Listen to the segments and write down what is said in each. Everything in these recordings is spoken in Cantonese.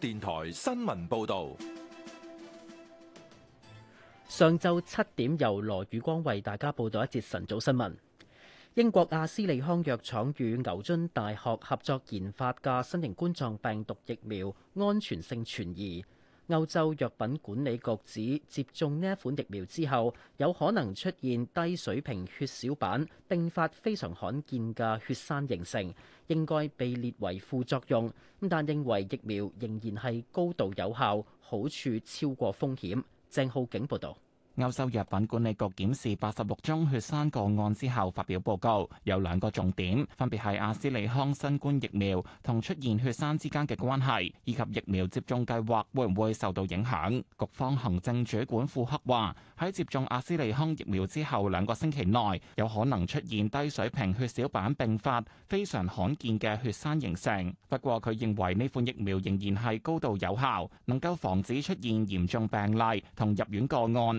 電台新聞報道：上晝七點，由羅宇光為大家報道一節晨早新聞。英國阿斯利康藥廠與牛津大學合作研發嘅新型冠狀病毒疫苗安全性存疑。歐洲藥品管理局指，接種呢一款疫苗之後，有可能出現低水平血小板，並發非常罕見嘅血栓形成，應該被列為副作用。但認為疫苗仍然係高度有效，好處超過風險。鄭浩景報導。歐洲藥品管理局檢視八十六宗血栓個案之後，發表報告，有兩個重點，分別係阿斯利康新冠疫苗同出現血栓之間嘅關係，以及疫苗接種計劃會唔會受到影響。局方行政主管庫克話，喺接種阿斯利康疫苗之後兩個星期內，有可能出現低水平血小板併發非常罕見嘅血栓形成。不過佢認為呢款疫苗仍然係高度有效，能夠防止出現嚴重病例同入院個案。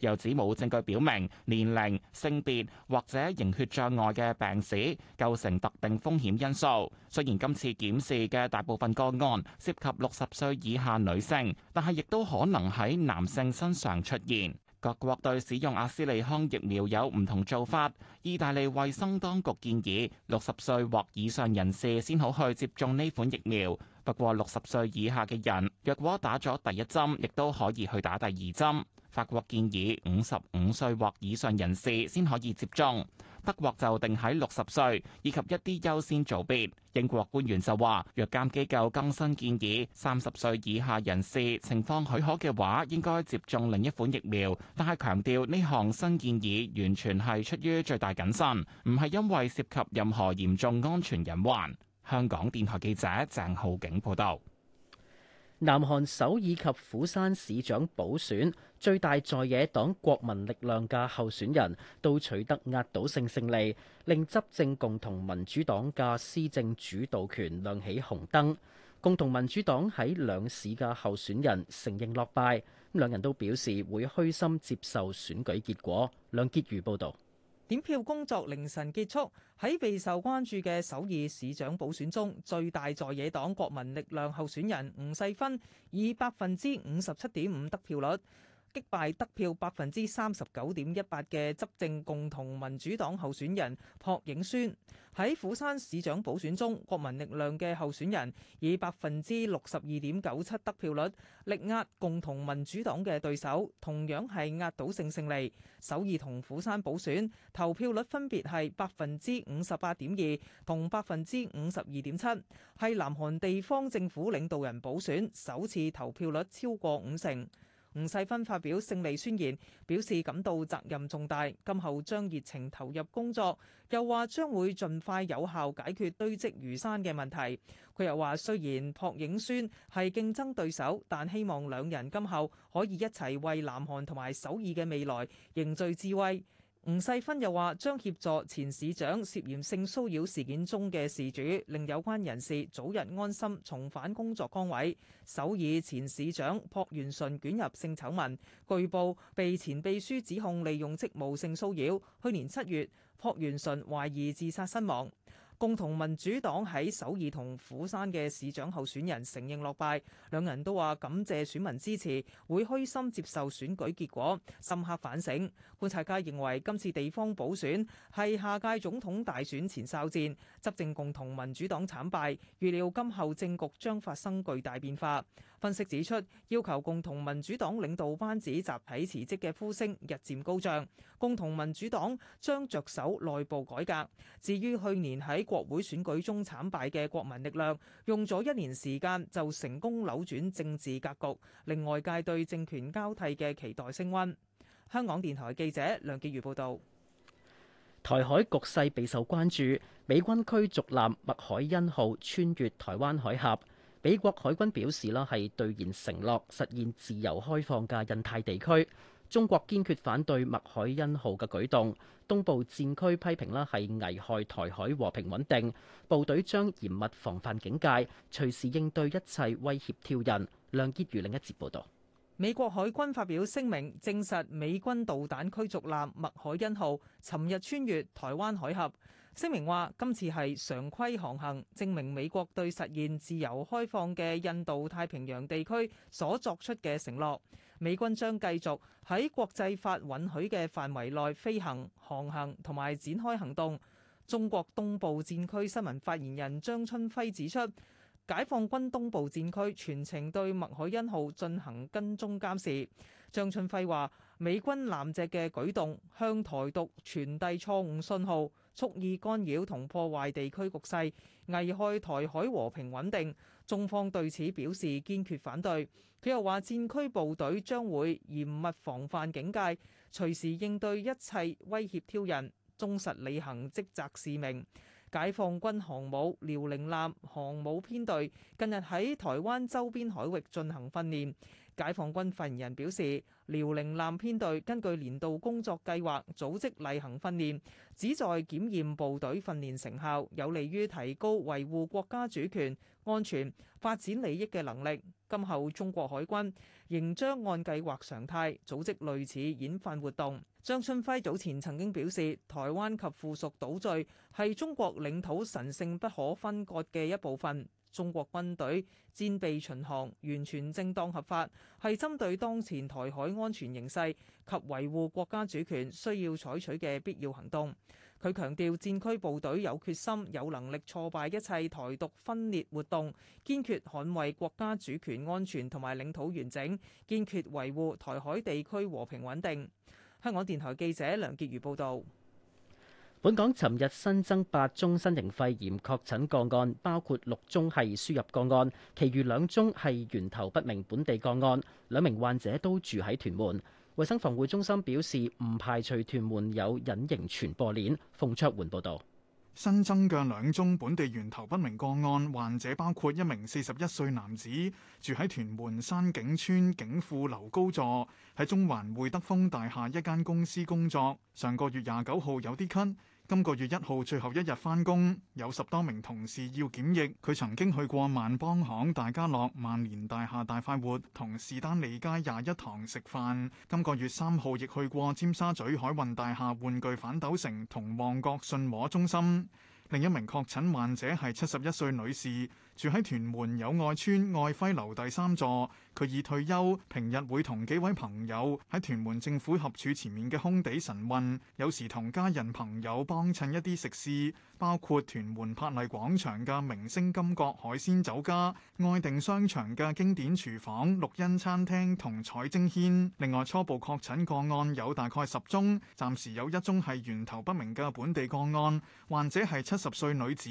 又指冇證據表明年齡、性別或者凝血障礙嘅病史構成特定風險因素。雖然今次檢視嘅大部分個案涉及六十歲以下女性，但係亦都可能喺男性身上出現。各國對使用阿斯利康疫苗有唔同做法。意大利衛生當局建議六十歲或以上人士先好去接種呢款疫苗，不過六十歲以下嘅人若果打咗第一針，亦都可以去打第二針。法國建議五十五歲或以上人士先可以接種，德國就定喺六十歲以及一啲優先組別。英國官員就話，藥監機構更新建議，三十歲以下人士情況許可嘅話，應該接種另一款疫苗，但係強調呢項新建議完全係出於最大謹慎，唔係因為涉及任何嚴重安全隱患。香港電台記者鄭浩景報道。南韓首爾及釜山市長補選，最大在野黨國民力量嘅候選人都取得壓倒性勝，勝利，令執政共同民主黨嘅施政主導權亮起紅燈。共同民主黨喺兩市嘅候選人承認落敗，咁兩人都表示會虛心接受選舉結果。梁潔如報導。點票工作凌晨結束，喺備受關注嘅首爾市長補選中，最大在野黨國民力量候選人吳世勳以百分之五十七點五得票率，擊敗得票百分之三十九點一八嘅執政共同民主黨候選人朴影宣，喺釜山市長補選中，國民力量嘅候選人以百分之六十二點九七得票率力壓共同民主黨嘅對手，同樣係壓倒性勝利。首爾同釜山補選投票率分別係百分之五十八點二同百分之五十二點七，係南韓地方政府領導人補選首次投票率超過五成。吳世勳發表勝利宣言，表示感到責任重大，今後將熱情投入工作，又話將會盡快有效解決堆積如山嘅問題。佢又話雖然朴映宣係競爭對手，但希望兩人今後可以一齊為南韓同埋首爾嘅未來凝聚智慧。吳世勳又話，將協助前市長涉嫌性騷擾事件中嘅事主，令有關人士早日安心重返工作崗位。首爾前市長朴元淳捲入性醜聞，據報被前秘書指控利用職務性騷擾。去年七月，朴元淳懷疑自殺身亡。共同民主黨喺首爾同釜山嘅市長候選人承認落敗，兩人都話感謝選民支持，會虛心接受選舉結果，深刻反省。觀察家認為，今次地方補選係下屆總統大選前哨戰，執政共同民主黨慘敗，預料今後政局將發生巨大變化。分析指出，要求共同民主黨領導班子集體辭職嘅呼聲日漸高漲，共同民主黨將着手內部改革。至於去年喺國會選舉中慘敗嘅國民力量，用咗一年時間就成功扭轉政治格局，令外界對政權交替嘅期待升温。香港電台記者梁潔如報道。台海局勢備受關注，美軍驅逐艦麥海恩號穿越台灣海峽。美國海軍表示啦，係兌現承諾，實現自由開放嘅印太地區。中國堅決反對麥凱恩號嘅舉動。東部戰區批評啦，係危害台海和平穩定。部隊將嚴密防範警戒，隨時應對一切威脅挑釁。梁潔如另一節報道。美國海軍發表聲明，證實美軍導彈驅逐艦麥凱恩號尋日穿越台灣海峽。聲明話：今次係常規航行，證明美國對實現自由開放嘅印度太平洋地區所作出嘅承諾。美軍將繼續喺國際法允許嘅範圍內飛行、航行同埋展開行動。中國東部戰區新聞發言人張春輝指出，解放軍東部戰區全程對麥凱恩號進行跟蹤監視。張春輝話：美軍艦隻嘅舉動向台獨傳遞錯誤信號。蓄意干擾同破壞地區局勢，危害台海和平穩定。中方對此表示堅決反對。佢又話：戰區部隊將會嚴密防範警戒，隨時應對一切威脅挑釁，忠實履行職責使命。解放軍航母遼寧艦航母編隊近日喺台灣周邊海域進行訓練。解放軍發言人表示，遼寧艦編隊根據年度工作計劃組織例行訓練，旨在檢驗部隊訓練成效，有利於提高維護國家主權、安全、發展利益嘅能力。今後中國海軍仍將按計劃常態組織類似演訓活動。張春輝早前曾經表示，台灣及附屬島嶼係中國領土神聖不可分割嘅一部分。中國軍隊戰備巡航完全正當合法，係針對當前台海安全形勢及維護國家主權需要採取嘅必要行動。佢強調，戰區部隊有決心、有能力挫敗一切台獨分裂活動，堅決捍衛國家主權安全同埋領土完整，堅決維護台海地區和平穩定。香港電台記者梁潔如報道，本港尋日新增八宗新型肺炎確診個案，包括六宗係輸入個案，其餘兩宗係源頭不明本地個案。兩名患者都住喺屯門，衛生防護中心表示唔排除屯門有隱形傳播鏈。馮卓桓報道。新增嘅兩宗本地源頭不明個案，患者包括一名四十一歲男子，住喺屯門山景村景富樓高座，喺中環匯德豐大廈一間公司工作。上個月廿九號有啲咳。今個月一號最後一日返工，有十多名同事要檢疫。佢曾經去過萬邦行、大家樂、萬年大廈、大快活同士丹利街廿一堂食飯。今個月三號亦去過尖沙咀海運大廈玩具反斗城同旺角信和中心。另一名確診患者係七十一歲女士，住喺屯門友愛邨愛輝樓第三座。佢已退休，平日會同幾位朋友喺屯門政府合署前面嘅空地晨運，有時同家人朋友幫襯一啲食肆，包括屯門柏麗廣場嘅明星金閣海鮮酒家、愛定商場嘅經典廚房、綠茵餐廳同彩晶軒，另外，初步確診個案有大概十宗，暫時有一宗係源頭不明嘅本地個案，患者係七十歲女子，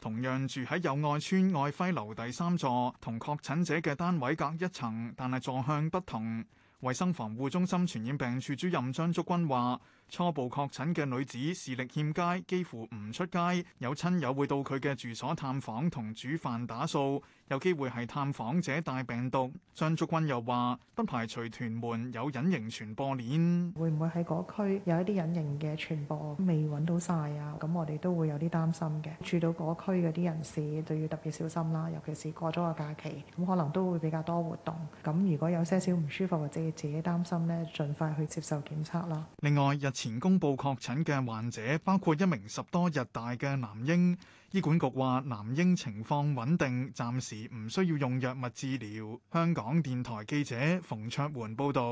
同樣住喺友愛邨愛輝樓第三座，同確診者嘅單位隔一層。但係，座向不同。衞生防護中心傳染病處主任張竹君話。初步確診嘅女子視力欠佳，幾乎唔出街。有親友會到佢嘅住所探訪同煮飯打掃，有機會係探訪者帶病毒。張竹君又話：不排除屯門有隱形傳播鏈，會唔會喺嗰區有一啲隱形嘅傳播未揾到晒啊？咁我哋都會有啲擔心嘅。住到嗰區嗰啲人士就要特別小心啦，啊，尤其是過咗個假期，咁可能都會比較多活動。咁如果有些少唔舒服或者自己擔心呢，盡快去接受檢測啦。另外一前公布確診嘅患者包括一名十多日大嘅男嬰，醫管局話男嬰情況穩定，暫時唔需要用藥物治療。香港電台記者馮卓援報導。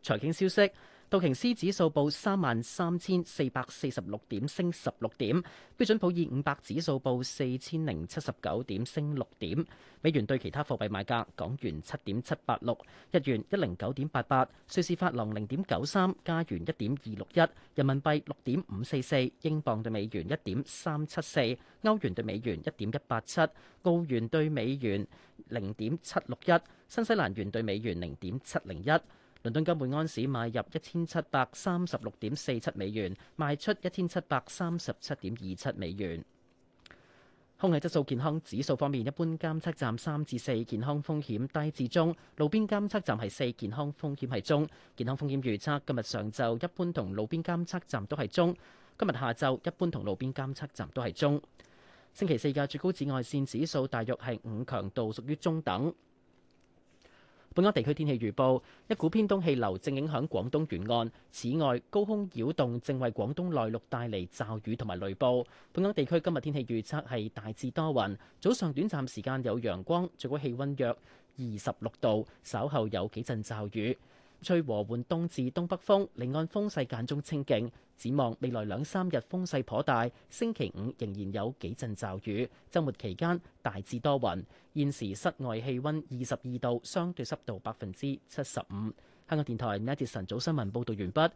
財經消息。道瓊斯指數報三萬三千四百四十六點，升十六點。標準普爾五百指數報四千零七十九點，升六點。美元對其他貨幣買價：港元七點七八六，日元一零九點八八，瑞士法郎零點九三，加元一點二六一，人民幣六點五四四，英鎊對美元一點三七四，歐元對美元一點一八七，澳元對美元零點七六一，新西蘭元對美元零點七零一。倫敦金每安士買入一千七百三十六點四七美元，賣出一千七百三十七點二七美元。空氣質素健康指數方面，一般監測站三至四，健康風險低至中；路邊監測站係四，健康風險係中。健康風險預測今日上晝一般同路邊監測站都係中，今日下晝一般同路邊監測站都係中。星期四嘅最高紫外線指數大約係五，強度屬於中等。本港地區天氣預報：一股偏東氣流正影響廣東沿岸，此外高空擾動正為廣東內陸帶嚟驟雨同埋雷暴。本港地區今日天氣預測係大致多雲，早上短暫時間有陽光，最高氣温約二十六度，稍後有幾陣驟雨。吹和緩東至東北風，離岸風勢間中清勁。展望未來兩三日風勢頗大，星期五仍然有幾陣驟雨，周末期間大致多雲。現時室外氣温二十二度，相對濕度百分之七十五。香港電台呢一節晨早新聞報道完畢。